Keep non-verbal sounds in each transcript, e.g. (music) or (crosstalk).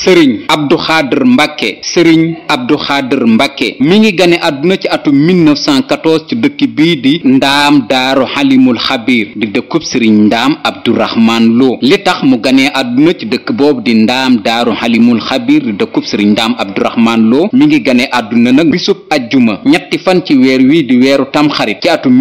sëriñ abdu xaadir mbàkke sëriñ abdu xaadir mbàkke mi ngi gane àdduna ci atum 1914 ci dëkk bii di ndaam daaru xalimul xabiir di dëkkub sëriñ ndaam abdurahmaan lo li tax mu ganee àdduna ci dëkk boobu di ndaam daaru xalimul xabiir di dëkkub sëriñ ndaam abdurahmaan lo mi ngi ganee àdduna nag bisub ajjuma ñetti fan ci weer wi di weeru tamxarit ci atum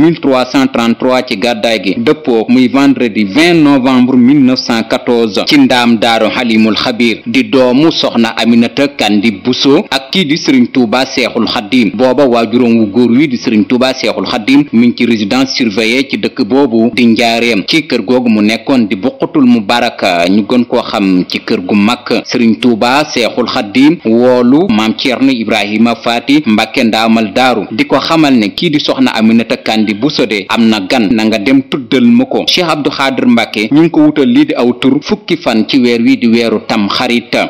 ci gàddaay gi dëppoo muy vendredi 20 novembre 1914 ci ndaam daaru xalimul xabiir di doo doomu soxna Aminata Kandi Bousso ak kii di Serigne Touba Seexul Xaddim booba waajuram wu góor wi di Serigne Touba Seexul Xaddim mi ngi ci résidence surveillée ci dëkk boobu di njaareem ci kër googu mu nekkoon di buqatul mu baraka ñu gën koo xam ci kër gu mag Serigne Touba Seexul Xaddim woolu maam Ceerno Ibrahima Faati Mbàkke ndaamal daaru di ko xamal ne kii di soxna Aminata Kandi bu de am na gan na nga dem tuddal ma ko Cheikh Abdou Xaadir Mbàkke ñu ngi ko wutal lii di aw tur fukki fan ci weer wi di weeru tam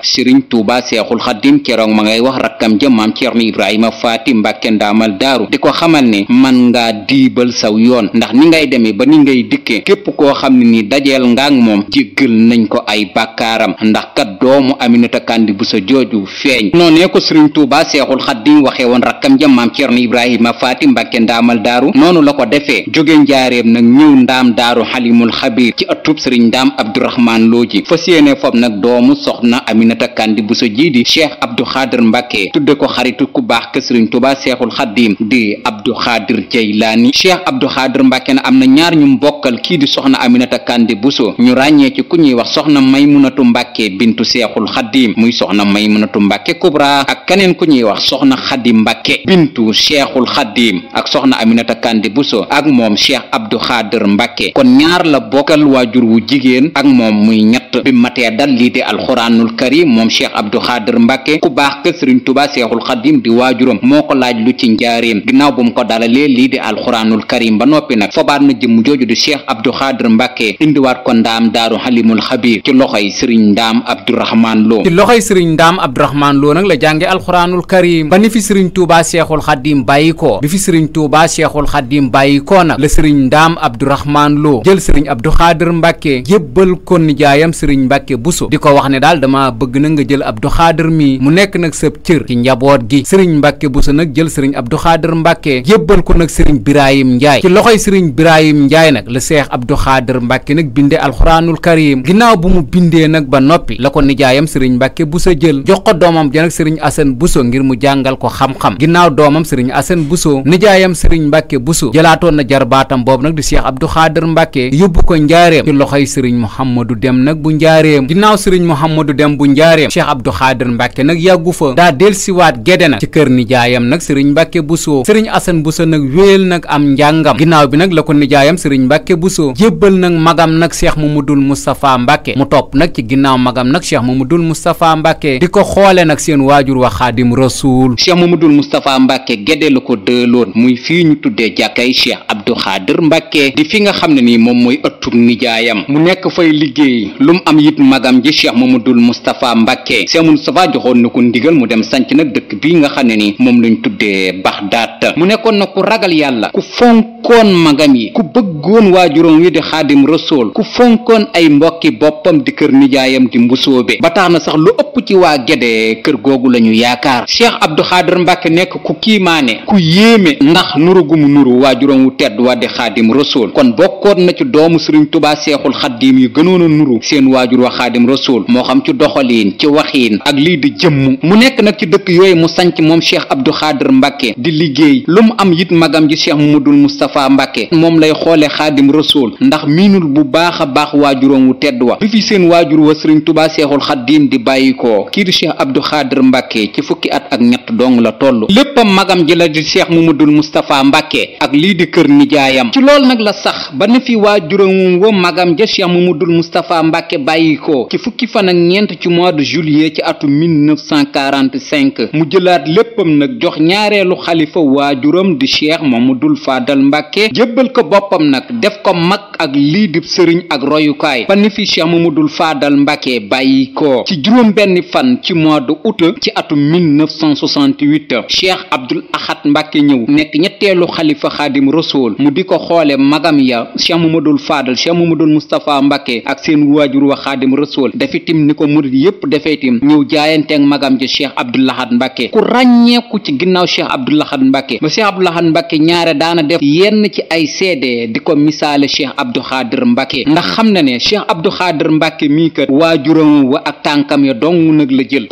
sëriñ tuuba seexul xaddim keroog ma ngay wax rakkam ja maam ceerno ibrahima faati mbàkke ndaamal daaru di ko xamal ne man ngaa diibal saw yoon ndax ni ngay demee ba ni ngay dikkee képp koo xam ne ni dajeel ngaak moom ji jéggal nañ ko ay bakkaaram ndax kat doomu aminata kandi bu sa jooju feeñ noonee ko sëriñ tuuba seexul xaddim waxee woon rakkam ja maam ceerno ibrahima faati mbàkke ndaamal daaru noonu la ko defee joge njaareem nag ñëw ndaam daaru xalimul xabiir ci ëttub sëriñ ndaam Aminata Kandi Bousso jii di Cheikh Abdou Khadir Mbacke tudde ko xaritu ku baax ke Serigne Touba Cheikhul Khadim di Abdou Khadir Jeylaani Cheikh Abdou Khadir mbakke na am na ñaar ñu mbokkal kii di soxna Aminata Kandi Bousso ñu ràññee ci ku ñuy wax soxna munatu Mbacke bintu Cheikhul Khadim muy soxna Maymunatu Mbacke Kubra ak keneen ku ñuy wax soxna xadi Mbacke bintu Cheikhul Khadim ak soxna Aminata Kandi Bousso ak moom Cheikh Abdou Khadir Mbacke kon ñaar la bokkal waajur wu jigéen ak moom muy moom cheikh abdou xaadir mbàkke ku baax ke sëriñ tuba seexul xadim di waajuram moo ko laaj lu ci njaareem ginnaaw bu mu ko dalalee lii di alxuraanul karim ba noppi nag fobaat na jëmm jooju di cheikh abdou xaadir mbàkke indiwaat ko ndaam daaru xalimul xabir ci loxoy sëriñ ndaam abdourahmaan loo ci loxoy sëriñ ndaam abdourahmaan loo nag la jànge alxuraanul karim ba ni fi sëriñ tuba bàyyi ko bi fi sëriñ tuba seexul xadim bàyyi ko nag la sëriñ ndaam abdourahmaan loo jël sëriñ abdou xaadir mbàkke yébbal ko nijaayam sëriñ mbàkke buso di ko wax ne daal dama bëgg bëgg na nga jël Abdou mi mu nekk nag sëb cër ci njaboot gi sëriñ Mbàkke Buso nag jël sëriñ Abdou Khadre Mbàkke yébbal ko nag sëriñ Birahim Njaay ci loxoy sëriñ Birahim Njaay nag la seex Abdou Khadre Mbàkke nag bindee alxuraanul nag ba noppi la ko nijaayam sëriñ Mbàkke Buso jël jox ko doomam ja nag sëriñ Asan Buso ngir mu jàngal ko xam-xam ginnaaw doomam sëriñ Asan Buso nijaayam sëriñ Mbàkke Buso jëlaatoon na jarbaatam boobu nag di seex Abdou Khadre Mbàkke yóbbu ko njaareem ci loxoy sëriñ Muhammadu Dem nag bu njaareem ginnaaw sëriñ Muhammadu Dem njaareem cheikh abdou xaadir mbàkke nag yàggu fa daa delsiwaat gede nag ci kër nijaayam nag sëriñ mbàkke busoo sëriñ asan buso nag wéyal nag am njàngam ginnaaw bi nag la ko nijaayam sëriñ mbàkke busoo jébbal nag magam nag cheikh mamadul moustapha mbàkke mu topp nag ci ginnaaw magam nag cheikh mamadul moustapha mbàkke di ko xoole nag seen waajur wa xaadim rasuul cheikh mamadul moustapha mbàkke gede la ko dëeloon muy fii ñu tuddee jàkkay cheikh abdou xaadir fi nga xam ne nii ëttub nijaayam mu nekk fay liggéey lu mu am it magam ji cheikh mamadul moustapha mbàkke sa moustapha joxoon na ko ndigal mu dem sanc nag dëkk bi nga xam ne ni moom ñu tuddee baxdaat mu nekkoon na ku ragal yàlla ku fonk kon magam yi ku bëggoon waajuram wi di xaadim rasool ku fonkoon ay mbokki boppam di kër nijaayam di mbusoobe ba tax na sax lu ëpp ci waa Gede kër googu lañu yaakaar Cheikh Abdou Khader Mbacke nekk ku kiimaane ku yéeme ndax nuru gu mu nuru waajuram wu tedd waa di xaadim rasool kon bokkoon na ci doomu Sëriñ Tubaa Seexul Xaddiim yu gënoon a nuru seen waajur wa xaadim rasool moo xam ci doxaliin ci waxiin ak lii di jëmm mu nekk nag ci dëkk yooyu mu sanc moom Cheikh Abdou Khader Mbacke di liggéey Moustapha Mbàkke moom lay xoole xaadim rasul ndax miinul bu baaxa a baax waajuroom wu tedd wa bi fi seen waajur wa sëriñ tubaa seexul xaddiim di bàyyikoo kii di cheikh abdou xaadir mbàkke ci fukki at ak ñett dong la toll léppam magam ji la di cheikh mamadul moustapha mbàkke ak lii di kër nijaayam ci lool nag la sax ba na fi waajuram wa magam ja cheikh mamadul moustapha mbàkke bàyyi ko ci fukki fan ak ñeent ci mois de juillet ci atu 1945 mu jëlaat léppam nag jox ñaareelu xalifa waajuram di cheikh mamadul faadal mbàkke jébbal ko boppam nag def ko mag ak lii di sëriñ ak royukaay ba ni fi cheikh mamadul faadal mbàkke bàyyi ko ci juróom benn fan ci mois de août ci atu 1968 cheikh abdul axat mbàkke ñëw nekk ñetteelu xalifa xaadim rasool mu di ko xoole magam ya ma mamadul faadal mu cheikh mamadul moustapha mbàkke ak seen waajur wa xaadim rasool dafetim ni ko murid yépp dafetim ñëw jaayanteeg magam ja cheikh abdul axat mbàkke ku ràññeeku ci ginnaaw cheikh abdul axat mbàkke ba cheikh abdul axat mbàkke ñaare daana def yenn ci ay seede di ko misaale cheikh abdou xaadir mbàkke ndax xam na ne cheikh abdou xaadir mbàkke mii kat waajuram wa ak tànkam ya dong nag la jël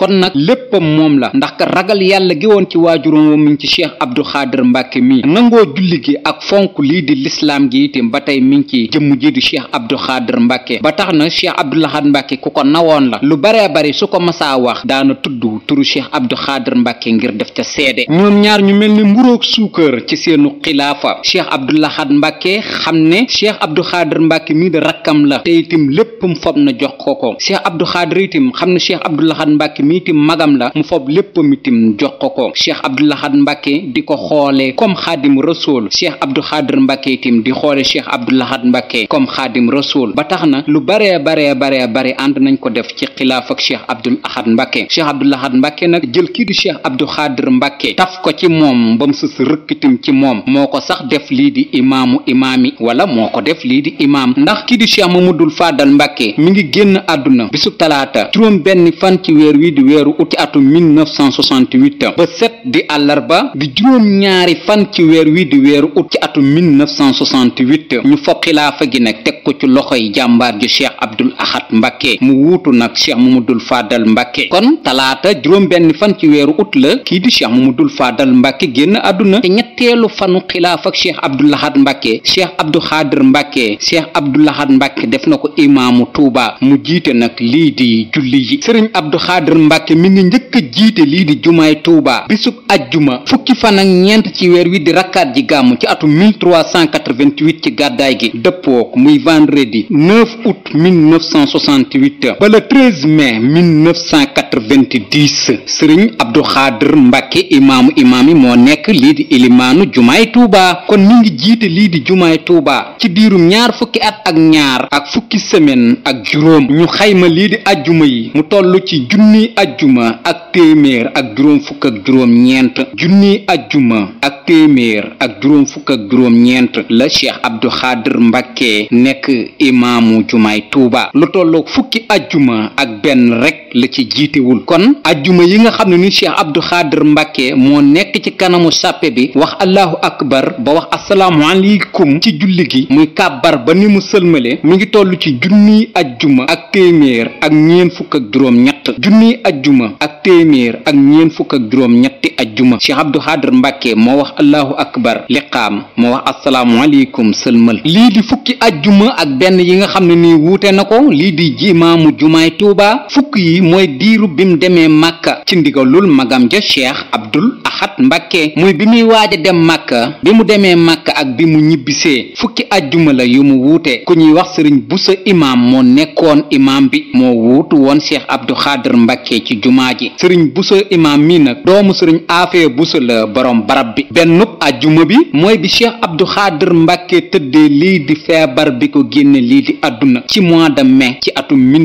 moo mi ngi ci cheikh abdou xaadir mbàkke mi nangoo julli gi ak fonk lii di lislaam gi itam ba tey mi ngi ci jëmm ji di cheikh abdou xaadir mbàkke ba tax na cheikh abdou lahad mbàkke ku ko nawoon la lu baree bari su ko masaa wax daana tudd turu cheikh abdou xaadir mbàkke ngir def ca seede ñoom ñaar ñu mel ni mburoog suukar ci seenu xilaafa cheikh abdou mbàkke xam ne cheikh abdou mbàkke mii de rakkam la te itam léppam fob na jox ko ko cheikh abdou xam ne cheikh abdou lahad mbàkke mi itam magam la mu fob ko ko Abdoulahat Mbacke di ko xoolee comme xaadim rasul cheikh Abdou Khadr Mbacke itam di xoole cheikh Abdoulahat Mbacke comme xaadim rasul ba tax na lu baree baree baree bare ànd nañ ko def ci xilaaf ak cheikh Abdoul Ahad Mbacke cheikh Abdoul Ahad Mbacke nag jël kii di cheikh Abdou Khadr Mbacke taf ko ci moom ba mu sës rëkkitim ci moom moo ko sax def lii di imaamu imaami wala moo ko def lii di imaam ndax kii di cheikh Mamadul Fadal Mbacke mi ngi génn àdduna bisub talaata juróom benn fan ci weer wi di weeru ut ci atum 1968 ba set àllarba di juróom-ñaari fan ci weer wii di weeru ut ci atum 1968 ñu fob xilaafa gi nag teg ko ci loxo yi jàmbaar ju cheikh abdul ahad mbàkke mu wuutu nag mu cheikh dul faadal mbakke kon talaata juróom-benn fan ci weeru ut la kii di mu cheikh dul faadal mbàkke génn adduna te ñetteelu fanu xilaaf ak cheikh abdul ahad mbàkke cheikh abdul xaadir mbàkke cheikh abdul ahad mbàkke def na ko imaamu tuuba mu jiite nag lii di julli yi sëriñ abdul xaadir mbàkke mi ngi njëkk jiite lii di jumaay ajjuma fukki fan ak ñeent ci weer wi di rakkaat ji gàmm ci atum 1388 ci gàddaay gi dëppook muy vendredi 9 août 1968 ba le 13 mai 1990 sëriñ Abdou Xaadir Mbàkke imaamu imaam yi moo nekk lii di ilimaanu jumaay Tuuba kon mi ngi jiite lii di jumaay Tuuba ci diirum ñaar fukki at ak ñaar ak fukki semaine ak juróom ñu xayma lii di ajjuma yi mu toll ci junniy ajjuma ak téeméer ak juróom fukk ak juróom ñeent ñeent junni ajjuma ak téeméer ak juróom fukk ak juróom ñeent la cheikh abdou xaadir mbàkke nekk imaamu jumaay tuuba lu tolloog fukki ajjuma ak benn rekk la ci jiitewul kon ajjuma yi nga xam ne ni cheikh abdou xaadir mbàkke moo nekk ci kanamu sàppe bi wax allahu akbar ba wax asalaamu aleykum ci julli gi muy kàbbar ba ni mu sëlmale mi ngi toll ci junniy ajjuma ak téeméer ak ñeen fukk ak juróom ñett junniy ajjuma ak téeméer ak ñeen fukk ak juróom ñetti ajjuma cheikh abdou xaadir mbàkke moo wax allahu akbar liqaam moo wax asalaamu aleykum sëlmal lii di fukki ajjuma ak benn yi nga xam ne ni wuute na ko lii di jiima imaamu jumaay tuuba fukk yi mooy diiru bi bim demee màkka ci ndigalul magam ja cheikh abdul axat mbàkke muy bi muy waaja dem màkka bi mu demee màkk ak bi mu ñibbisee fukki ajjuma la yu mu wuute ku ñuy wax sëriñ busa imaam moo nekkoon imaam bi moo wuutu woon cheikh abdu xaadir mbàkke ci jumaa ji sëriñ busa imaam mii nag doomu sëriñ aafee busa la borom barab bi bennub ajjuma bi mooy bi cheikh abdu xaadir mbàkke tëddee lii di feebar bi ko génne lii di àdduna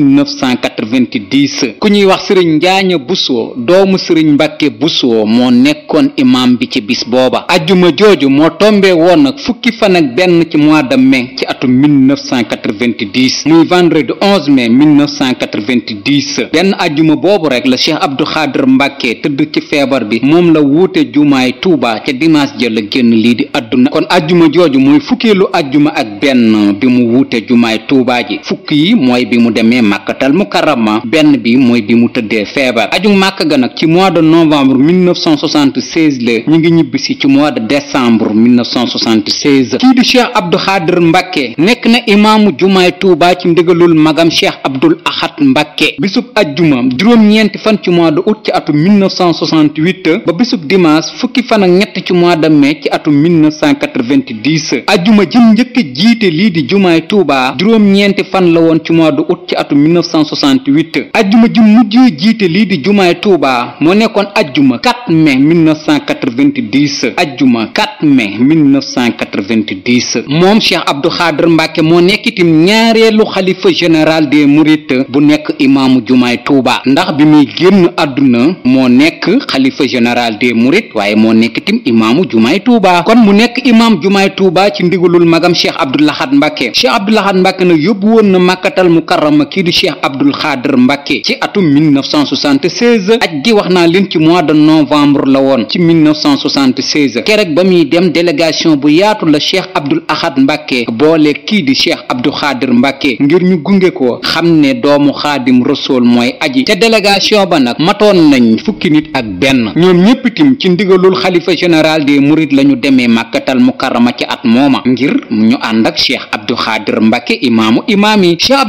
1990 ku ñuy wax sëriñ njaaña busoo doomu sëriñ mbàkke busoo moo nekkoon imaam bi ci bis booba ajjuma jooju moo tombe woon nag fukki fan ak benn ci mois de mai ci atum 1990 muy vendredi 11 mai 1990 benn ajjuma boobu rek la cheikh abdou xaadir mbàkke tëdd ci feebar bi moom la wuute jumaay tuuba ca dimanche ja la génn lii di àdduna kon ajjuma jooju mooy fukkeelu ajjuma ak benn bi mu wuute jumaay tuuba ji fukk yi mooy bi mu demee màkkatal mukarrama benn bi mooy bi mu tëddee feebar ajug màkk ga nag ci mois de novembre la ñu ngi ñibbisi ci mois de décembre 1976 kii di cheikh abdou xaadir mbàkke nekk na imaamu jumaay tuubaa ci ndigalul magam cheikh abdul ahad mbàkke bisub ajjuma juróom-ñeenti fan ci mois de août ci atum 1968 ba bisub dimanche fukki fan ak ñett ci mois de mai ci atum 1990 ajjuma jëm njëkk jiite lii di jumaay tuubaa juróom-ñeenti fan la woon ci mois de août ci atum 1968 ajjuma ju mujj jiite lii di jumaay Touba moo nekkoon ajjuma 4 mais 1990 ajjuma 4 mai 1990 moom Cheikh Abdou Khadr Mbacke moo nekk itam ñaareelu xalifa général des Mourides bu nekk imaamu jumaay Touba ndax bi muy génn àdduna moo nekk xalifa général des Mourides waaye moo nekk itam imaamu jumaay Touba kon mu nekk imaam jumaay tuuba ci ndigalul magam Cheikh Abdou Lahad Mbacke Cheikh Abdou Lahad Mbacke nag yóbbu woon na màkkatal mu kii di cheikh abdul xaadir mbàkke ci atum 1976 aj gi wax naa leen ci mois de novembre la woon ci 1976 kerek ba muy dem délégation bu yaatu la cheikh abdul ahad mbàkke boole kii di cheikh abdul xaadir mbàkke ngir ñu gunge ko xam ne doomu xaadim rasool mooy aji ca délégation ba nag matoon nañ fukki nit ak benn ñoom ñépp itam ci ndigalul xalifa général des mourides lañu demee màkkatal mukarrama ci at mooma ngir ñu ànd ak cheikh abdul xaadir mbàkke imaamu imaam yi cheikh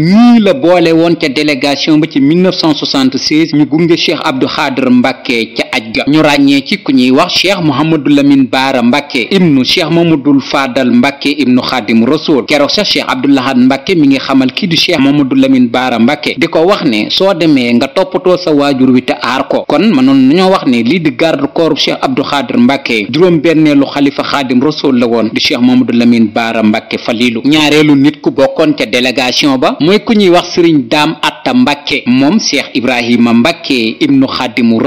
ñii la boole woon ca délégation ba ci 1976 ñu gunge Cheikh Abdou Khadre Mbacké ca aj ga ñu ràññee ci ku ñuy wax cheikh mohamadou lamin baara mbàkke ibnu cheikh mamadul faadal mbàkke ibnu xaadim rasul keroog sa cheikh abdoulahat mbàkke mi ngi xamal kii di cheikh mohamadou lamin baara mbàkke di ko wax ne soo demee nga toppatoo sa waajur wi te aar ko kon mënoon nañoo wax ne lii di garde corps cheikh abdou xaadir mbàkke juróom benneelu xalifa xaadim rasul la woon di cheikh mohamadou lamin baara mbàkke falilu ñaareelu nit ku bokkoon délégation ba mooy ñuy wax sëriñ daam atta mbàkke moom cheikh ibrahima mbàkke ibnu xaadimu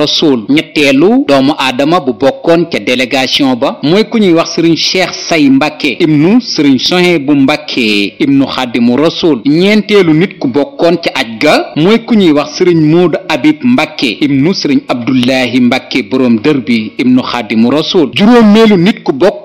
ñetteelu doomu aadama bu bokkoon ca délégation ba mooy ku ñuy wax sëriñ cheikh say mbàkke ibnu sëriñ bu mbàkke ibnu xaadimu rasul ñeenteelu nit ku bokkoon ca aj ga mooy ku ñuy wax sëriñ moodu abib mbàkke ibnu sëriñ abdullahi mbàkke boroom dër bi ibnu xaadimu rasul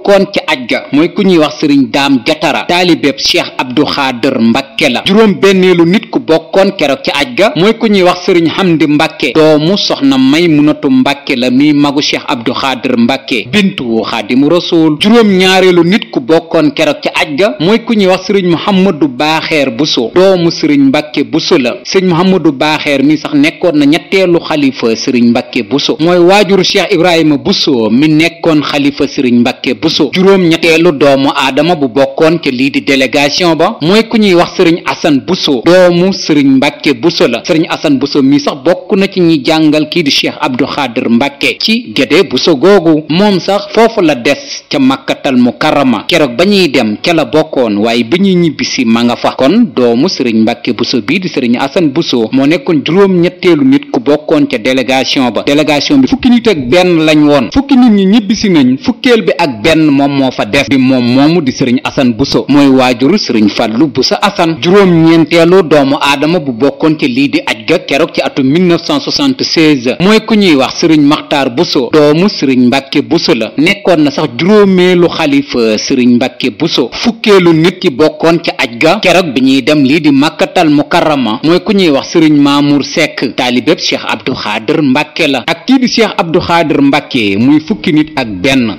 nekkoon ca aj ga mooy ku ñuy wax sëriñ daam jatara taalibeb cheikh abdu xaadir mbàkke la juróom benneelu nit ku bokkoon keroog ca aj ga mooy ku ñuy wax sëriñ xamdi mbàkke doomu soxna may munatu mbàkke la mii magu cheikh abdu xaadir mbàkke bintu xaadimu rasul juróom ñaareelu nit ku bokkoon keroog ca aj ga mooy ku ñuy wax sëriñ muhammadu baaxeer buso doomu sëriñ mbàkke buso la sëriñ muhammadu baaxeer mii sax nekkoon na ñetteelu xalifa sëriñ mbàkke bu mooy waajuru cheikh ibrahima buso mi nekkoon xalifa sëriñ mbàkke Bousso juróom-ñetteelu doomu aadama bu bokkoon ca lii di délégation ba mooy ku ñuy wax sëriñ Assane Bousso doomu sëriñ Mbàkke Bousso la sëriñ Assane Bousso mi sax bokk na ci ñuy jàngal kii di Cheikh Abdou Khader Mbàkke ci Gédé Bousso googu moom sax foofu la des ca Makkatal Mukarrama keroog ba ñuy dem ca bokkoon waaye bi ñuy ñibbisi ma nga fa kon doomu sëriñ Mbàkke Bousso bii di sëriñ Assane Bousso moo nekkoon juróom-ñetteelu nit ku bokkoon ca délégation ba délégation bi fukki nit ak benn lañ woon fukki nit ñi kenn moom moo fa des di moom moomu di sëriñ asan buso mooy waajuru sëriñ fàllu buso asan juróom-ñeenteelu doomu aadama bu bokkoon ci lii di aj ga keroog ci atum 1976 mooy ku ñuy wax sëriñ maxtaar buso doomu sëriñ mbàkke buso la nekkoon na sax juróomeelu xalifa sëriñ mbàkke buso fukkeelu nit ki bokkoon ca aj ga keroog bi ñuy dem lii di màkkatal mukarrama mooy ku ñuy wax sëriñ maamour sekk taalibeb cheikh abdou xaadir mbàkke la ak kii di cheikh abdou xaadir mbàkke muy fukki nit ak benn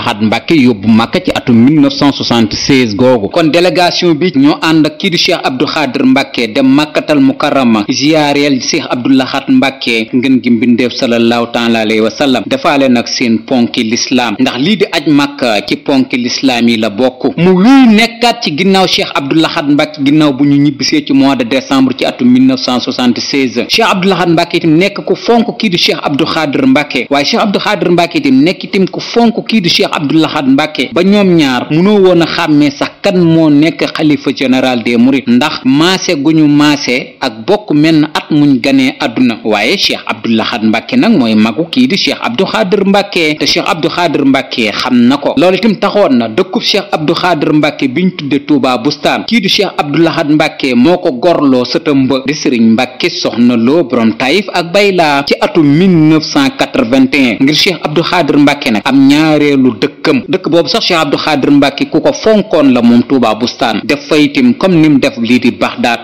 Lahad Mbàkke yóbbu Màkka ci atum 1976 googu kon délégation bi ñoo ànd ak kii di Cheikh Abdou mbàkke dem màkkatal mukarrama ziyaareel seex abdulaxat mbàkke ngeen gi mbindeef sallallahu taala alayhi wa sallam defaale seen ponki lislaam ndax lii di aj màkka ci ponki lislaam yi la bokk mu luy nekkaat ci ginnaaw cheikh abdulaxat mbàkke ginnaaw bu ñu ñibbisee ci mois de décembre ci atum 1976 cheikh abdulaxat mbàkke itam nekk ku fonk kii di cheikh abdou xaadir mbàkke waaye nekk itam fonk kii di cheikh abdulaxat ba ñoom ñaar munoo woon a xàmmee sax kan moo nekk xalifa général des mourides ndax maase gu ñu maasee ak bokk menn at muñ ganee àdduna waaye cheikh Abdou Lahad Mbacke nag mooy magu kii di cheikh Abdou Khader Mbacke te cheikh Abdou Khader Mbacke xam na ko loolu itam taxoon na dëkkub cheikh Abdou Khader bi ñu tudde Touba Bustaan kii di cheikh Abdou Lahad Mbacke moo ko gorloo sëtam ba di Serigne Mbacke soxna loo borom Taïf ak Bayla ci atum 1981 ngir cheikh Abdou Khader Mbacke nag am ñaareelu dëkkam dëkk boobu sax cheikh Abdou Khader Mbacke ku ko fonkoon la moom Touba Bustaan def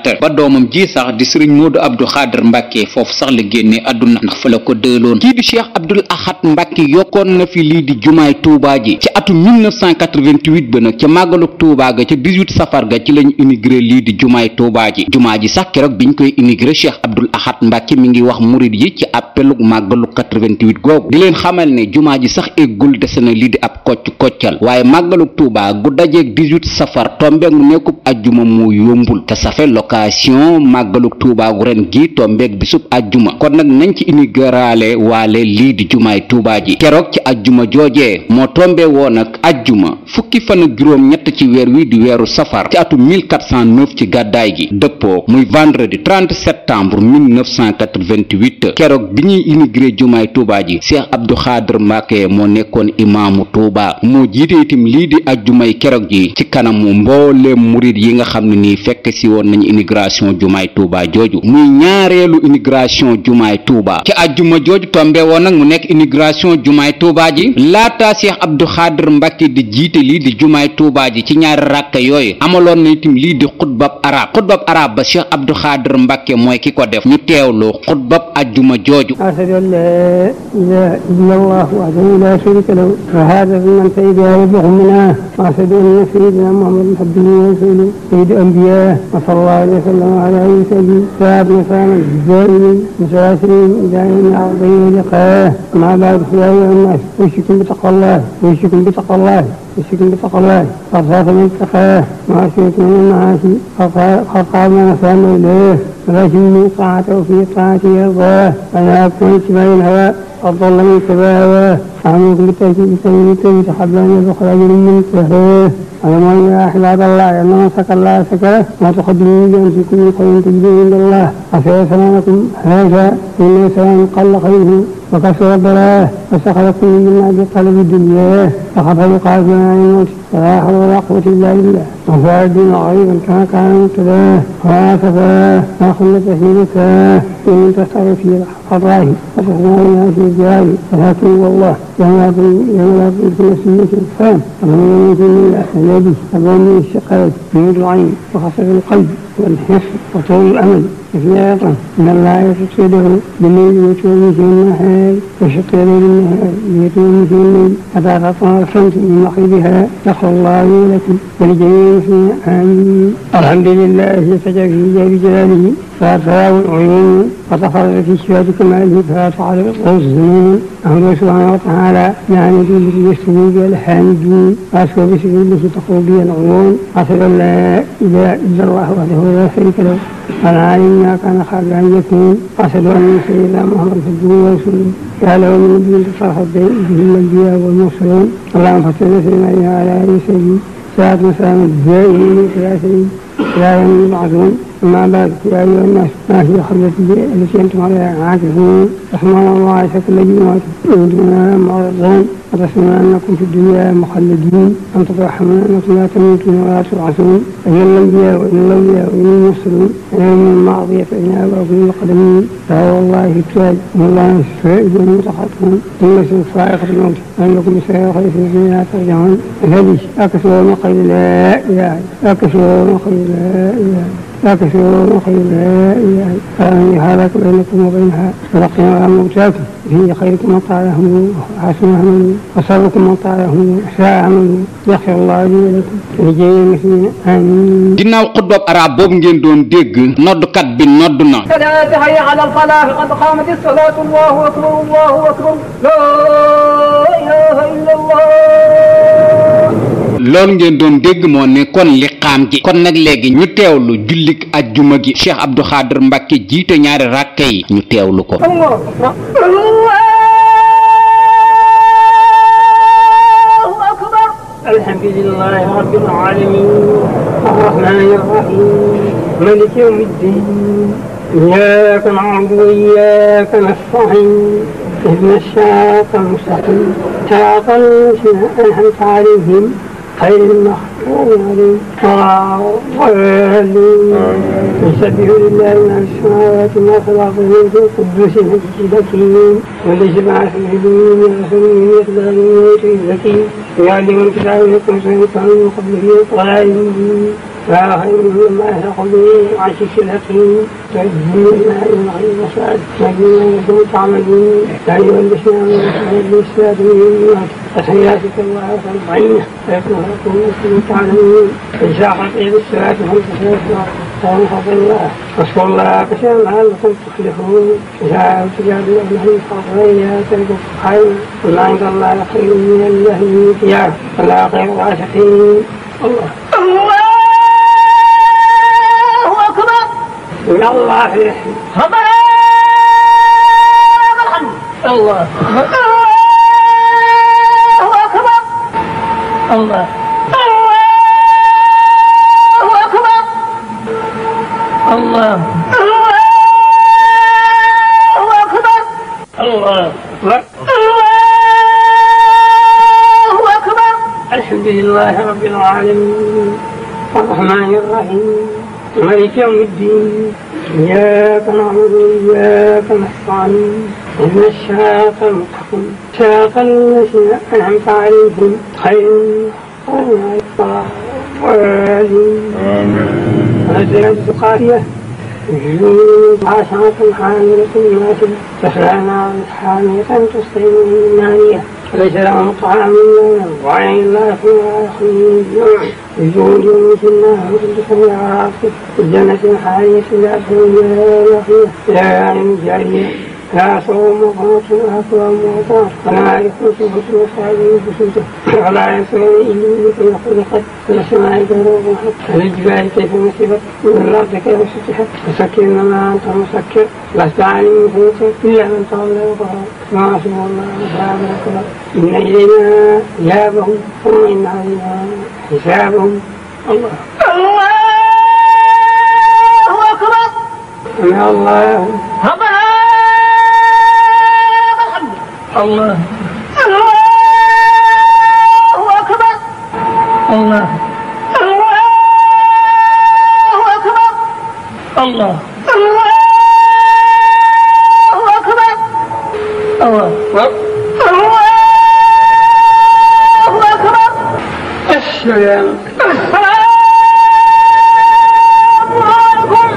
gàtt ba doomam ji sax di sëriñ moodu abdu xaadir mbàkke foofu sax la génne àdduna ndax fa la ko dëeloon kii di cheikh abdul ahad mbàkke yokkoon na fi lii di jumaay tuubaa ji ci atum 1988 ba nag ca màggaluk tuubaa ga ca safar ga ci lañ immigré lii di jumaay tuubaa ji jumaa ji sax keroog biñ koy immigré cheikh abdul ahad mbàkke mi ngi wax murid yi ci appeluk màggaluk 88 googu di leen xamal ne jumaa ji sax eggul dese na lii di ab kocc koccal waaye màggaluk tuubaa gu dajeeg 18 safar tombe mu nekkub ajjuma moo yombul te safe lokal occasion màggaluk Touba gu ren gi tombeeg bisub ajjuma kon nag nañ ci inaugurale waale lii di jumaay Touba ji keroog ci ajjuma joojee moo tombe woon ak ajjuma fukki fan ak juróom ñett ci weer wi di weeru safar ci atu 1409 ci gàddaay gi dëppoo muy vendredi 30 septembre 1988 keroog bi ñuy inauguré jumaay Touba ji Cheikh Abdou Khadr moo nekkoon imaamu Touba moo jiite itam lii di ajjumay keroog ji ci kanamu mbooleem murit yi nga xam ne nii fekk si woon nañu inauguration jumaay Touba jooju muy ñaareelu inauguration jumaay Touba ci ajjuma jooju tombe woon nag mu nekk inauguration jumaay Touba ji laata Cheikh Abdou Khadir Mbacke di jiite lii di jumaay tuubaa ji ci ñaari rakk yooyu amaloon na itam lii di xutbab arab xutbab arab ba Cheikh Abdou Khadir Mbacke mooy ki ko def ñu teewlu xutbab ajjuma jooju أشهد أن سيدنا محمد عبده ورسوله سيد أنبياء وصلى الله عليه وسلم على سيدي شهاب نصران الجزائري متواسرين دائما عرضيه لقاءه مع بعض خلايا الناس وشكم بتقوى الله وشكم بتقوى الله بشكل بتقواه فارتاف من كفاه ما شئت من المعاصي فارقى ما سام إليه ولكن من طاعته في طاعته يرضاه فلا أكون اتباع الهوى أفضل من اتباع هواه أعمق بالتأكيد سيدته تحب أن يخرج من منتهاه ألم أن يا عباد الله إن من سكى الله سكره ما تقدموا بأنفسكم من خير تجدوه عند الله أفيا سلامكم هذا إن سلام قل خيره وكثرت بلاه وسخرت من أبي طلب الدنيا وخاف يقال بماء الموت ولا حول ولا قوة إلا بالله مفاد وعيب كان تباه وعاتباه وخل تهيلته ومن تختار في الحراء وتختار في الجهال ولكن والله يملك يملك بنسية الفهم ومن يموت من اليد ومن الشقاية من العين وخسر القلب والحس وطول الأمل إفلاطا من لا يشق يده بالليل ويتوب في النهار وشق يده بالنهار ويتوب في الليل حتى تطلع الشمس من مغربها يخلو الله لكم ولجميع في آمين الحمد لله فجأ في جار جلاله فأتراه العيون وتفرد في سواد كماله فأتعالى بالقوس الزمين أهل سبحانه وتعالى نعمد بالجسم بالحامدين وأسوى بسبيله تقوى به العيون أشهد أن لا إله إلا الله وحده لا شريك له العالم ما كان خالدا يكون أشهد أن سيدنا محمد عبده ورسوله يا له من نبي تصرف به الأنبياء والمرسلين اللهم صل وسلم على آله سيدنا ساعة مساء الزين من كلاسين yaa ayyuhal lazina aamanuu ammaa ba'du yaa ayyuhan naas naasu bi-hablillaahi allazii antum alayhaa aakifuun rahmaani rahiim fekk la ji mooy tu'minuuna mu'riduun wa tazunnuuna annakum fid-dunyaa mukhalladuun am tad'uuna annakum laa tamuutuuna wa laa tub'asuun hiya al-anbiyaa'u wa hiya al-awliyaa'u wa hiya al-mursaluun ayyaam ma'duuda fa-in abaa kullu qadamin fa'alaa llaahi taaj wallaahi saa'ilun mutaqatta'uun thumma saa'iqatul mawt hal lakum min-shaafi'iin fa-ilayhi turja'uun لا إله لا كثير وخير لا إله فأن هلاك بينكم وبينها فلقينا موتاكم به خيركم من طالهم حسن عملي وصبركم من طالهم إحساء عملي يغفر الله لي ولكم لجميع المسلمين آمين ginnaaw xutbab arab boobu ngeen doon dégg noddkat bi nodd na تحية على الفلاح قد قامت الصلاة الله أكبر الله أكبر لا إله إلا الله loolu ngeen doon dégg moo nekkoon li lislaam gi kon nag léegi ñu teewlu jullik ajjuma gi cheikh abdou xaadir mbàkke jiite ñaari ràkke yi ñu teewlu ko alhamdulilahi rabbil alamin arrahmani arrahim maliki yawmi ddin iyyaka na'budu wa iyyaka nasta'in ihdina as-sirata al-mustaqim sirata alladhina an'amta alayhim غير المغضوب عليهم يسبحوا لله ما في السماوات وما في الارض من قدوس الحكيم ولجمع الحمدين والحمدين يقبل من الحكيم ويعلم الكتاب ويكون سيطان من قبله ولا يهديه فغير مما يلحق به عن سلسلته تجزي الماء غير مساد تجزي ما يكون تعملون لا يلبسنا من الاسلام من تحياتك وعافا عنه فيكون لكم مسلم تعلمون ان شاء قطيع بالصلاه هم تسلسل قوم فضل الله واشكر الله كثيرا لعلكم تفلحون اذا تجادل ابنهم فاغنيا تلك خير وما عند الله خير من الله يا فلا غير العاشقين الله الله يلا فيه ربنا الحمد الله الله أكبر الله الله أكبر الله الله أكبر الله أكبر الله أكبر الحمد لله رب العالمين الرحمن الرحيم مالك يوم الدين إياك نعبد وإياك نستعين إن الشاق المتقين شاق الذين أنعمت عليهم خير غير الضالين نزلت بقارية جنود عشرة حاملة ناسية تسعى نار حامية تسقي من نارية ليس لهم طعام إلا من ضعين لا يكون ولا يخرج من الجوع يجوع جنود الله وتلك الأعراف في الجنة حالية لا تكون لها ولا فيها لا يعني من جارية لا صوم وقنوت ولا صوم وقنوت ولا يقنوت بس وصابي بسوته ولا يسوي إلا بك يقول قد من السماء كيف ومحط الجبال كيف نسبت من الأرض كيف سكحت مسكر ما أنت مسكر لست عليم فوتك إلا من تولى وكفر ما أسمع الله وصاب وكفر إن إلينا إيابهم ثم إن علينا حسابهم الله الله أكبر الله الله الله أكبر الله الله أكبر الله الله أكبر الله الله أكبر السلام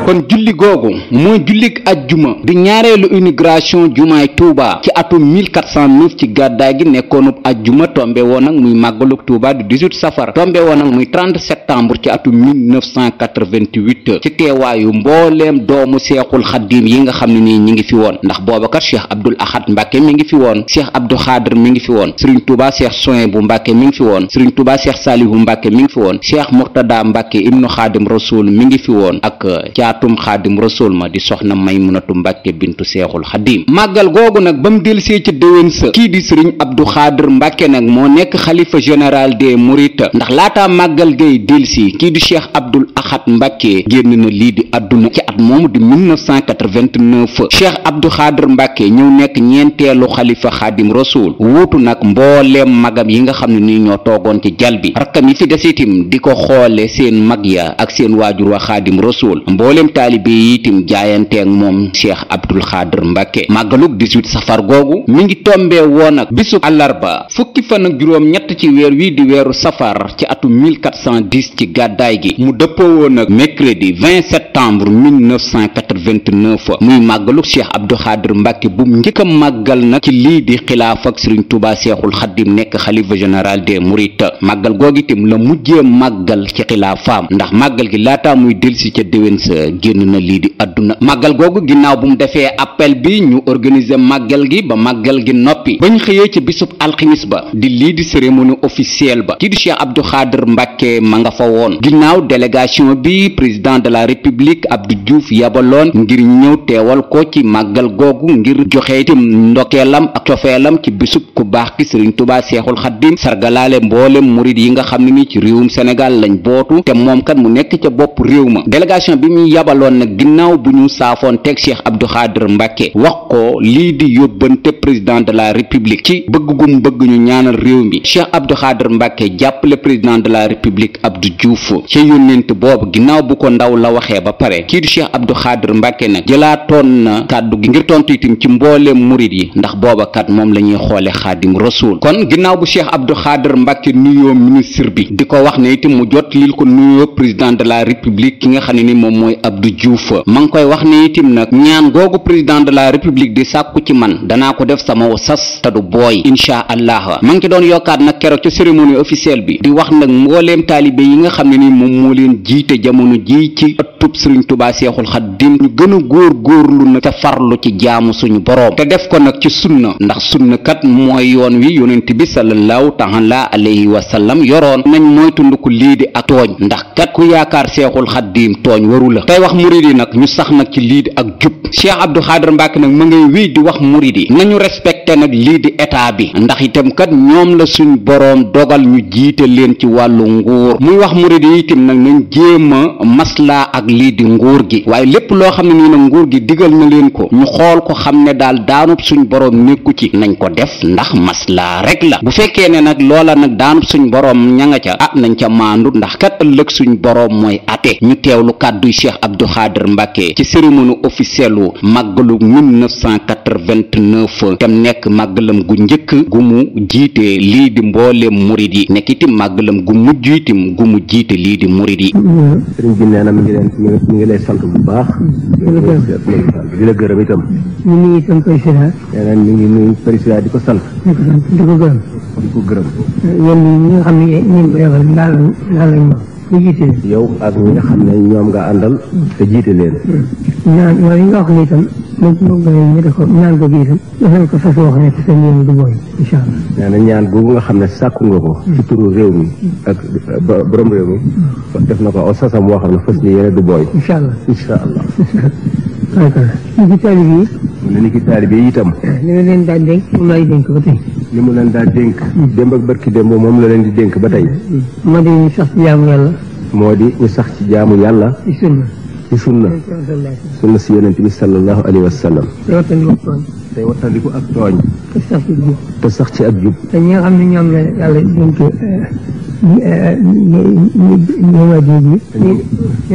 kon julli googu mooy jullik ajjuma di ñaareelu inauguration jumaay Touba ci atum 1409 ci gàddaay gi nekkoonub ajjuma tombe woon nag muy màggaluk Touba du 18 safar tombe woon nag muy 30 septembre ci atum 1988 ci teewaayu mbooleem doomu seexul xaddiim yi nga xam ne nii ñi ngi fi woon ndax boobakat cheikh Abdul Ahad Mbàkke mi ngi fi woon cheikh Abdou Xaadir mi ngi fi woon Serigne Touba cheikh Soin bu Mbàkke mi ngi fi woon Serigne Touba cheikh Salihu Mbàkke mi ngi fi woon cheikh Murtada Mbàkke ibnu Xaadim Rasul mi ngi fi woon ak caat atum xaadim rasul ma di soxna maymunatu mbàkke bintu seexul xadim màggal googu nag ba mu delsee ca déwén sa kii di sëriñ abdu xaadir mbàkke nag moo nekk xalifa général des mourides ndax laataa màggal gay delsi kii di cheikh abdul ahad mbàkke génn na lii di àdduna ci at moomu di 1989 cheikh abdu xaadir mbàkke ñëw nekk ñeenteelu xalifa xaadim rasul wuutu nag mbooleem magam yi nga xam ne nii ñoo toogoon ci jal bi rakkam yi fi des di ko xoole seen mag ya ak seen waajur wa xaadim rasul mbooleem mbooleem taalibe yi itam jaayanteeg moom cheikh abdul xaadir mbàkke màggalug 18 safar googu mu ngi tombee woon ak bisub àllarba fukki fan ak juróom ñett ci weer wii di weeru safar ci atu 1410 ci gàddaay gi mu dëppoo woon ak mercredi 20 septembre 19 1929 muy màggaluk cheikh abdou xaadir mbàkke bu njëkk màggal na ci lii di xilaaf ak sëriñ tuuba seexul xaddim nekk xalifa général des mourides màggal googu itam la mujjee màggal ci xilaafaam ndax màggal gi laataa muy delsi ca déwén sa génn na lii di àdduna màggal googu ginnaaw bu mu defee appel bi ñu organiser màggal gi ba màggal gi noppi bañ xëyee ca bisub alximis ba di lii di cérémonie officielle ba kii di cheikh abdou xaadir mbàkke ma nga fa woon ginnaaw délégation yoon ngir ñëw teewal ko ci màggal googu ngir joxe itam ndokeelam ak cofeelam ci bisub ku baax ki sëriñ tubaa seexul xaddim sargalaale mboolem murit yi nga xam ne ni ci réewum Sénégal lañ bootu te moom kat mu nekk ca bopp réew ma délégation bi mu yabaloon nag ginnaaw bu ñu saafoon teg seex Abdou Khadre Mbacke wax ko lii di yóbbante président de la république ci bëgg gum bëgg ñu ñaanal réew mi Cheikh Abdou Khadre Mbacke jàppale président de la république Abdou Diouf ca yónnent boobu ginnaaw bu ko Mbàkke nag jëlaatoon na kàddu gi ngir tontu itam ci mbooleem murit yi ndax booba kat moom la ñuy xoole xaadim rasul kon ginnaaw bu Cheikh Abdou Khader Mbàkke nuyoo ministre bi di ko wax ne itam mu jot lil ko nuyoo président de la république ki nga xam ne ni moom mooy Abdou Diouf ma ngi koy wax ne itam nag ñaan googu président de la république di sàkku ci man danaa ko def sama sas te du booy incha allah ma ngi ci doon yokkaat nag keroog ca cérémonie officielle bi di wax nag mbooleem taalibe yi nga xam ne ni moom moo leen jiite jamono ji ci ëttub Sëriñ Tubaa Seexul ñu gën a góor góorlu nag ca farlu ci jaamu suñu boroom te def ko nag ci sunna ndax sunna kat mooy yoon wi yonent bi sallallahu taala alayhi wa sallam yoroon nañ mooy tund ko lii di ak tooñ ndax kat ku yaakaar seexul xaddiim tooñ waru la tey wax murid yi nag ñu sax nag ci lii ak jub cheikh abdou xaadir mbàkke nag mu ngay wéy di wax murid yi nañu respecté nag lii di état bi ndax itam kat ñoom la suñu boroom dogal ñu jiite leen ci wàllu nguur muy wax murid yi nag nañ jéem a maslaa ak lii di gi xam nii nag nguur gi digal na leen ko ñu xool ko xam ne daal daanub suñ boroom nekku ci nañ ko def ndax maslaa rek la bu fekkee ne nag loola nag daanub suñ boroom ña nga ca ah nañ ca maandu ndax kat ëllëg suñ boroom mooy ate ñu teewlu kàdduy Cheikh Abdou Khadir Mbacke ci cérémonie officielle u màggalu 1989 tem nekk màggalam gu njëkk gu mu jiite lii di mbooleem murid yi nekk itam màggalam gu mujj itam gu mu jiite lii di murid yi sëriñ bi nee na mi ngi leen mi ngi lay sant bu baax di la gërëm itam. ñu ngi itam président. yeneen ñu ngi nuyu président di ko sant. di ko sant di ko gërëm. di ko nga xam ne yéen ñi ñu koy waxal laal lañ yow ak ñi nga xam na ñoom nga àndal te jiite leen ñaan yooyu nga wax ni itam dañ ci bëgg ñu def ko ñaan ko gi itam danañ ko fas wax na ñaan googu nga xam ne sàkku nga ko ci turu réew mi ak borom réew mi def na ko aw sasam woo xam ne fas ni yéene du booy incha allah incha allah (laughs) mu ne ni ki taalibe itam. li ma leen daal dénk moom laay dénk mu leen daal dénk. démb ak barki démb moom la leen di dénk ba tey. moo di ñu sax ci jaamu yàlla. moo di ñu sax ci jaamu yàlla. ci sunna. ci sunna. sunna si yonent bi sallallahu alayhi wa sallam. day wattandiku ak tooñ. day wattandiku ak tooñ. te sax ci jub. te sax ci ak jub. te ñi nga xam ne ñoom la yàlla dénk. ñi ñi ñi ñi ñi ñi ñi ñi ñi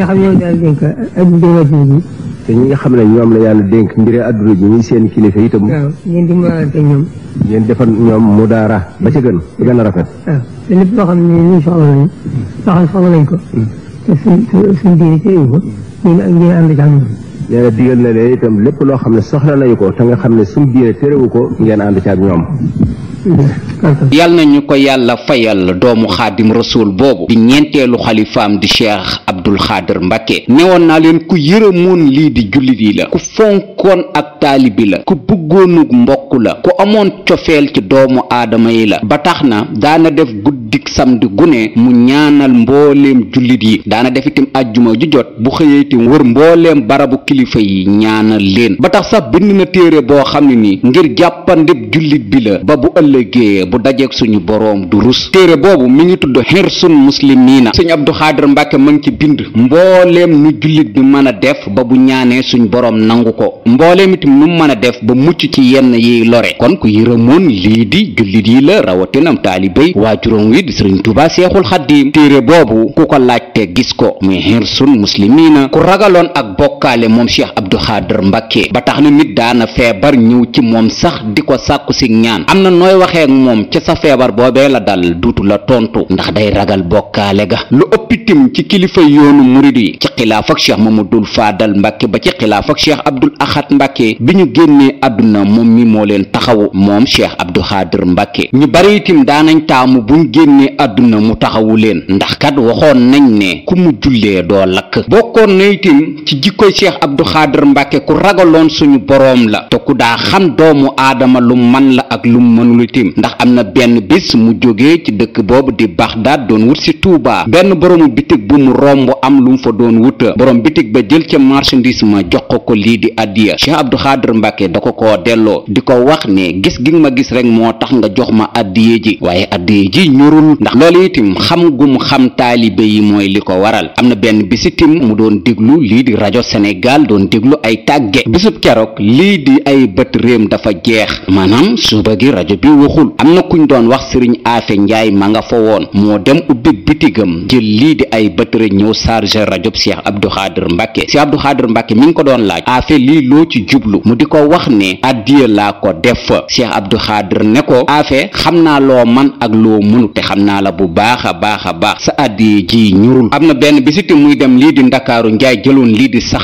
ñi ñi ñi ñi ñi te ñi nga xam ne ñoom la yàlla dénk mbiri àdduna ji ñi seen kilifa itam. waaw ngeen dimbalante ñoom. ngeen defal mu daara ba ca gën ba gën a rafet. waaw te lépp loo xam ne ñun soxla nañu. soxla soxla nañ ko. Mm. te suñ suñ diine ci réew ko. ñun ak ñi ànd ci am nee na itam lépp loo xam ne soxla nañu ko te nga ne suñ biiree térewu ko ngeen ànd ñoom yàlla na ñu ko yàlla fayal doomu xaadim rasul boobu di ñeenteelu xalifaam di cheikh abdul xaadir mbàkke newoon naa leen ku yërëmoon lii di jullit yi la ku fonkoon ak taalibi la ku bëggoonug mbokk la ku amoon cofeel ci doomu aadama yi la ba tax na daana def guddik samedi gune mu ñaanal mbooleem jullit yi daana def itam ajjuma ju jot bu xëyee itam wër mbooleem barabu kilifa yi ñaanal leen ba tax sax bind na téere boo xam ne nii ngir jàppandib jullit bi la ba bu ëllëgee bu dajeeg suñu boroom du rus téere boobu mi ngi tudd xirsun muslimiina sëñ Abdu Xaadir Mbàkke ma ngi ci bind mbooleem nu jullit bi mën a def ba bu ñaanee suñ boroom nangu nu mën a def ba mucc ci yenn yi lore kon ku yërëmoon lii di jullit yi la rawatinam taalibéy waajuróom wi di sëriñ tuba seexul xaddiim téere boobu ku ko laajte gis ko muy xirsul muslimiina ku ragaloon ak bokk bokkaale moom cheikh abdou xaadir mbàkke ba tax na nit daana feebar ñëw ci moom sax di ko sàkku si ñaan am na nooy waxee ak moom ca sa feebar boobee la dal duutu la tontu ndax day ragal bokkaale ga lu ëpp itam ci kilifa yoonu murid yi ci xilaaf ak cheikh dul faadal mbàkke ba ci xilaaf ak cheikh abdul axat mbàkke bi ñu génnee àdduna moom mi moo leen taxawu moom cheikh abdou xaadir mbàkke ñu bari itam daanañ taamu buñ génnee àdduna mu taxawu leen ndax kat waxoon nañ ne ku doo lakk cheikh abdu xaadir mbàkke ku ragaloon suñu boroom la te ku daa xam doomu aadama lu man la ak lu mënul tim ndax am na benn bis mu jógee ci dëkk boobu di baxdaad doon wut si tuubaa benn boroomu bitig bu mu romb am lu mu fa doon wuta boroom bitig ba jël ca marchandise ma jox ko ko lii di addiya cheikh abdu xaadir mbàkke da ko ko delloo di ko wax ne gis gi nga ma gis rek moo tax nga jox ma addiye ji waaye addiye ji ñorul ndax loolu itim xam gum xam taalibe yi mooy li ko waral am na benn bis itim mu doon déglu lii di rajo Sénégal doon déglu ay tàgge bisub keroog lii di ay bët réem dafa jeex maanaam suba gi rajo bi waxul am na ku ñu doon wax sëriñ Afe Njaay ma nga fa woon moo dem ubbi bitigam jël lii di ay bët réem ñëw sarge rajob Cheikh Abdou xadr Mbacke Cheikh Abdou Khadir Mbacke mi ngi ko doon laaj Afe lii loo ci jublu mu di ko wax ne addiye laa ko def fa Cheikh Abdou Khadir ne ko Afe xam naa loo man ak loo mënu te xam naa la bu baax a baax a baax sa addiye ji ñurul am na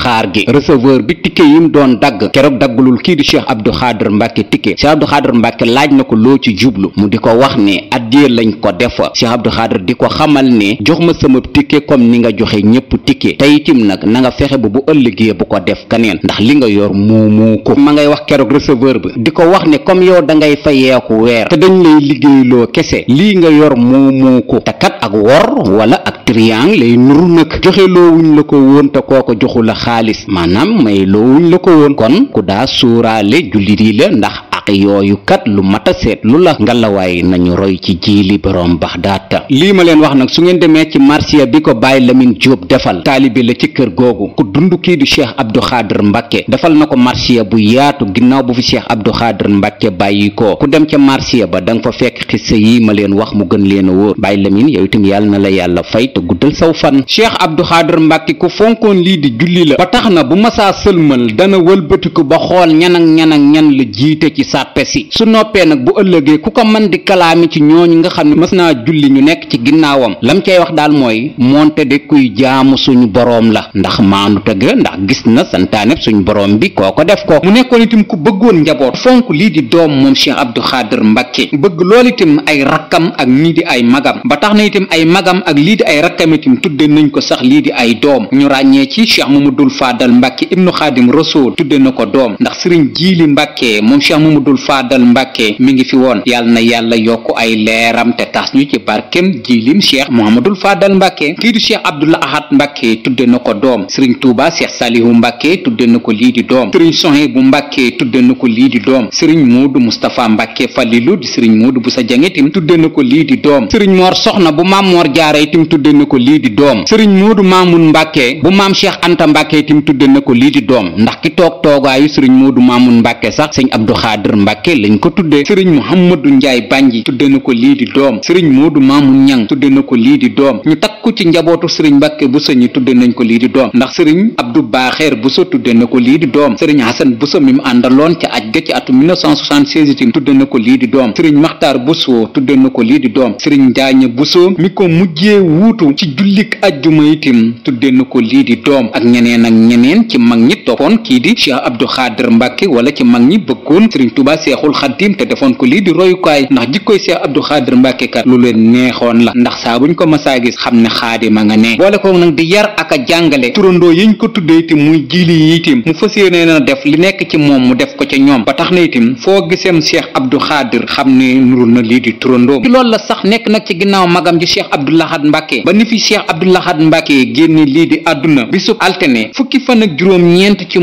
xaar gi receveur bi ticket yi mu doon dagg keroog daggulul kii du cheikh abdou xaadir mbàkke ticket cheikh abdou xaadir mbàkke laaj na ko loo ci jublu mu di ko wax ne addee lañ ko defa cheikh abdou xaadir di ko xamal ne jox ma sama ticket comme ni nga joxe ñépp ticket te itim nag na nga fexe ba bu ëllëgee bu ko def kaneen ndax li nga yor moomoo ko ma ngay wax keroog receveur bi di ko wax ne comme yow dangay ngay fayeeku weer te dañ lay liggéeyloo kese lii nga yor moomoo ko te ak wor wala ak triangle lay nuru nag joxe loowuñ la ko woon te kooko joxu xaalis maanaam may loowuñ la ko woon kon ku daa sóoraale jullit yi la ndax te yooyu kat lu mat a seetlu la ngalawaay nañu roy ci jiili lii ma leen wax nag su ngeen demee ci marsiya bi ko bàyyi Lamine Jóob defal taalibe la ci kër googu ku dund kii di cheikh Abdou Khader Mbacke defal na ko marsiya bu yaatu ginnaaw bu fi cheikh Abdou Khader Mbacke bàyyi ko ku dem ca marsiya ba da nga fa fekk xisse yi ma leen wax mu gën leen wóor bàyyi Lamine yow itam yàlla na la yàlla fay te guddal saw fan cheikh Abdou Khader Mbacke ku fonkoon lii di julli la ba tax na bu masaa sëlmal dana wëlbatiku ba xool ñan sàppe si su noppee nag bu ëllëgee ku ko mën di kalaami ci ñooñu nga xam ne mës naa julli ñu nekk ci ginnaawam lam cay wax daal mooy moonte de kuy jaamu suñu boroom la ndax maanu tëgg ndax gis na santaaneb suñu boroom bi koo ko def ko mu nekkoon itam ku bëggoon njaboot fonk lii di doom moom Cheikh Abdou Khadir Mbacke bëgg loolu itam ay rakkam ak nii di ay magam ba tax na itam ay magam ak lii di ay rakkam itam tudde nañ ko sax lii di ay doom ñu ràññee ci Cheikh Mamadou Fadal Mbacke ibnu Khadim na ko doom ndax Mouhamadul Fadal Mbàkke mi ngi fi woon yal na yàlla yokk ay leeram te tas ñu ci barkem jilim cheikh Mouhamadul Fadal Mbàkke kii di cheikh Abdoul Ahad Mbàkke tudde na ko doom Serigne Touba Cheikh Salihu Mbàkke tudde na ko lii di doom Serigne Sohaybu Mbàkke tudde na ko lii di doom Serigne Modou Moustapha Mbàkke Falilu di Serigne Modou bu sa jange tim tudde na ko lii di doom Serigne Mor Soxna bu maam Mor Jaara tim tudde na ko lii di doom Serigne Modou Mamoun Mbàkke bu maam cheikh Anta Mbàkke tim tudde na ko lii di doom ndax ki toog toogaayu Serigne Xaadir Mbàkke lañ ko tuddee sëriñ Muhammadu Njaay Bànji tudde na ko lii di doom sëriñ Moodu Maamun Ñang tudde na ko lii di doom ñu takku ci njabootu sëriñ Mbàkke Buso ñi tudde nañ ko lii di doom ndax sëriñ Abdu Baaxeer Buso tudde na ko lii di doom sëriñ Xasan Buso mi mu àndaloon ca aj ga ci atu 1976 itam tudde na ko lii di doom sëriñ Maxtaar Buso tudde na ko lii di doom sëriñ Njaaña Buso mi ko mujjee wuutu ci jullik ajjuma itam tudde na ko lii di doom ak ñeneen ak ñeneen ci mag ñi toppoon kii di Cheikh Abdou Xaadir Mbàkke Touba Seexul Xaddim te defoon ko lii di royukaay ndax jikkoy Seex Abdu Xaadir Mbàkke kat lu leen neexoon la ndax saa buñ ko masaa gis xam ne xaadima nga ne boole ko nag di yar ak a jàngale turandoo yiñ ko tuddee itam muy jiili yi mu fas yéene na def li nekk ci moom mu def ko ca ñoom ba tax na itam foo giseem Seex Abdu Xaadir xam ne nurul na lii di turandoo loolu la sax nekk nag ci ginnaaw magam ji Seex Abdu Lahad ba ni fi Seex Abdu Lahad Mbàkke génne lii di àdduna bisub altine fukki fan ak juróom ñeent ci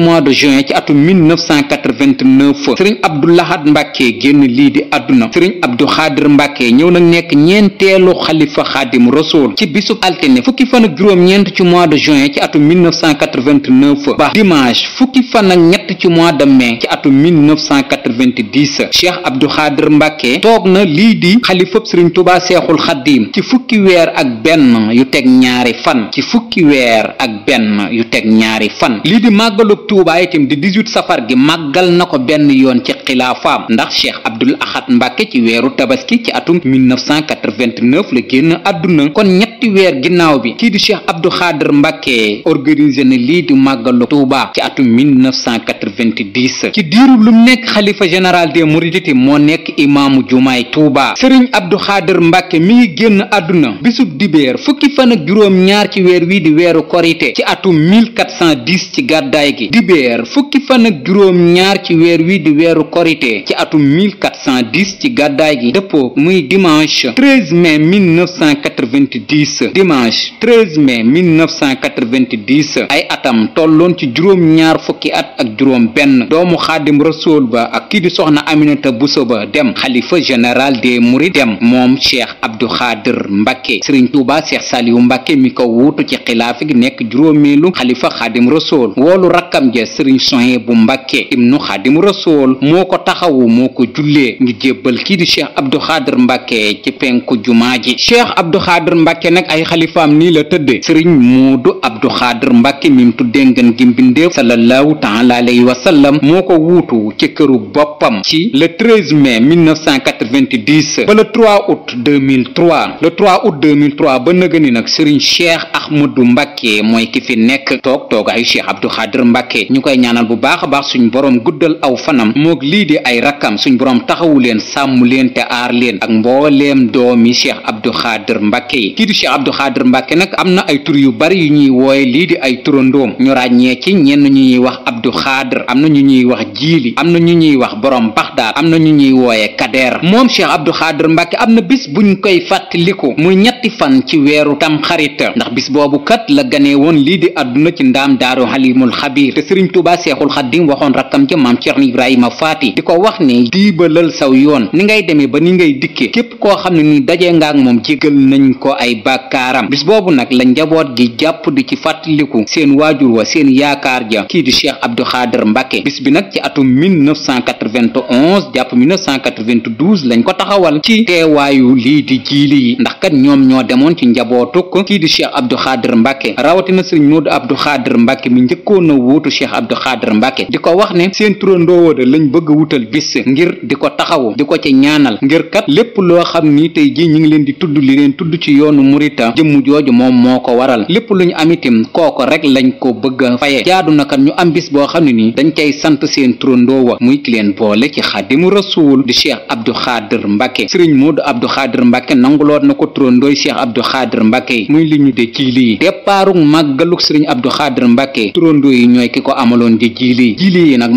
abdul lahat mbàkke génn lii di àdduna sëriñ abdu xaadir mbàkke ñëw nag nekk ñeenteelu xalifa xaadim rasul ci bisub altine fukki fan ak juróom-ñeent ci mois de juin ci atum 1989 ba dimanche fukki fan ak ñett ci mois de mai ci atum 1990 cheikh abdu xaadir mbàkke toog na lii di xalifab sëriñ tubaa seexul xaadim ci fukki weer ak benn yu teg ñaari fan ci fukki weer ak benn yu teg ñaari fan lii di màggalub tuubaa itam di safar gi màggal na ko benn yoon ci xilaafaam ndax cheikh abdul ahad mbàkke ci weeru tabaski ci atum 1989 la génn àdduna kon ñetti weer ginnaaw bi kii di cheikh abdou xaadir mbàkke organisé na lii di màggalu tuuba ci atum 1990 ci diiru lu nekk xalifa général des mourides moo nekk imaamu jumaay tuuba sëriñ abdou xaadir mbàkke mi ngi génn àdduna bisub dibeer fukki fan ak juróom ñaar ci weer wii di weeru korite ci atum 1410 ci gàddaay gi dibeer fukki fan ak juróom ñaar ci weer wi di weeru korité ci atum 1410 ci gàddaay gi dëppoo muy dimanche 13 mai 1990 dimanche 13 mai 1990 ay atam tolloon ci juróom ñaar fukki at ak juróom benn doomu xaadim rasool ba ak kii di soxna Aminata Bousso ba dem xalifa général des mourides dem moom cheikh Abdou Khadir Mbacke Serigne Touba Cheikh Saliou Mbacke mi ko wuutu ci xilaafa gi nekk juróomeelu xalifa xaadim rasool woolu rakkam ja Serigne Sohibou Mbacke ibnu xaadim rasool moo ko taxawu moo ko jullee mujje ñu jébbal kii di cheikh abdou xaadir mbàkke ci penku jumaa ji cheikh abdou xaadir mbàkke nag ay xalifaam nii la tëdde sëriñ muudu abdou xaadir mbàkke mim tuddee ngeen gi mbindeef sallallahu taala alayhi wa sallam moo ko wuutu ci këru boppam ci le 13 mai 1990 ba le 3 août 2003 le 3 août 2003 ba nëgëni nag sëriñ cheikh ahmadou mbàkke mooy ki fi nekk toog toog ay cheikh abdou xaadir mbàkke ñu koy ñaanal bu baax a baax suñ boroom guddal aw fanam moog lii di ay rakkam suñ boroom tax taxawu leen sàmm leen te aar leen ak mbooleem doomi cheikh abdou xaadir mbàkke yi kii di cheikh abdou xaadir mbàkke nag am na ay tur yu bari yu ñuy wooye lii di ay turandoom ñu ràññee ci ñenn ñu ñuy wax abdou xaadir am na ñu ñuy wax jiili am na ñu ñuy wax borom mbax baxdaad am na ñu ñuy wooye kadeer moom cheikh abdou xaadir mbàkke am na bis buñ koy fàttaliku muy ñetti fan ci weeru tam xarit ndax bis boobu kat la ganee woon lii di àdduna ci ndaam daaru xalimul xabiir te sëriñ tuuba seexul xaddim waxoon rakkam ca maam cerno ibrahima faati di ko wax ne jéggal saw ngay demee ba ni ngay dikkee képp koo xam ne ni daje nga moom jéggal nañ ko ay bàkkaaram bis boobu nag la njaboot gi jàpp di ci fàttaliku seen waajur wa seen yaakaar ja kii di cheikh abdou xaadir mbàkke bis bi nag ci atum 1991 jàpp 1992 lañ ko taxawal ci teewaayu lii di jiili yi ndax kat ñoom ñoo demoon ci njabootuk kii di cheikh abdou xaadir mbàkke rawatina sëriñ moodu abdou xaadir mbàkke mi njëkkoon a wuutu cheikh abdou xaadir mbàkke di ko wax ne seen turandoo da lañ bëgg taxawu di ko ci ñaanal ngir kat lépp loo xam ni tey ji ñi ngi leen di tudd li leen tudd ci yoonu murita jëmm jooju moom moo ko waral lépp lu ñu am itam kooko rek lañ ko bëgg a faye jaadu na ñu am bis boo xam ne nii dañ koy sant seen turandoo wa muy ki leen boole ci xadimu rasuul di cheikh abdou xaadir mbàkke sëriñ moodu abdou xaadir mbàkke nanguloot na ko turandooy cheikh abdou xaadir mbàkke yi muy li ñu dee ci lii départuk màggaluk sëriñ abdou xaadir mbàkke turandoo yi ñooy ki ko amaloon di ji lii ji nañ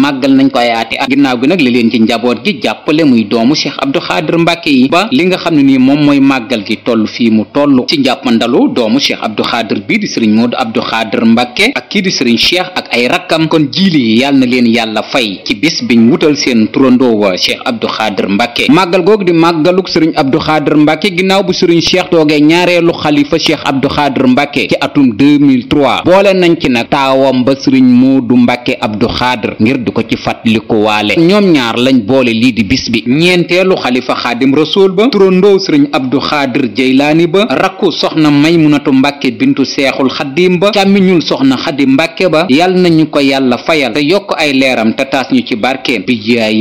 ko nag li leen njaboot gi jàpp jàppale muy doomu cheikh abdou xaadir mbàkke yi ba li nga xam ne nii moom mooy màggal gi toll fii mu toll ci njàppandalu doomu cheikh abdou xaadir bii di sëriñ moodu abdou xaadir mbàkke ak kii di sëriñ cheikh ak ay rakkam kon jiili yi yàlla na leen yàlla fay ci bis biñ wutal seen turandoo wa cheikh abdou xaadir mbàkke màggal googu di màggaluk sëriñ abdou xaadir mbàkke ginnaaw bu sëriñ cheikh toogee ñaareelu xalifa cheikh abdou xaadir mbakke ci atum 2003 boole nañ ci nag taawam ba sëriñ moodu mbàkke abdou xaadir ngir di bi ñeenteelu xalifa xaadim rasul ba turandoo sëriñ abdu xaadir jeylaani ba rakku soxna maymunatu mbàkke bintu seexul xaddim ba càmmiñul soxna xadi mbàkke ba na ñu ko yàlla fayal te yokk ay leeram te ñu ci barkeem bi jaay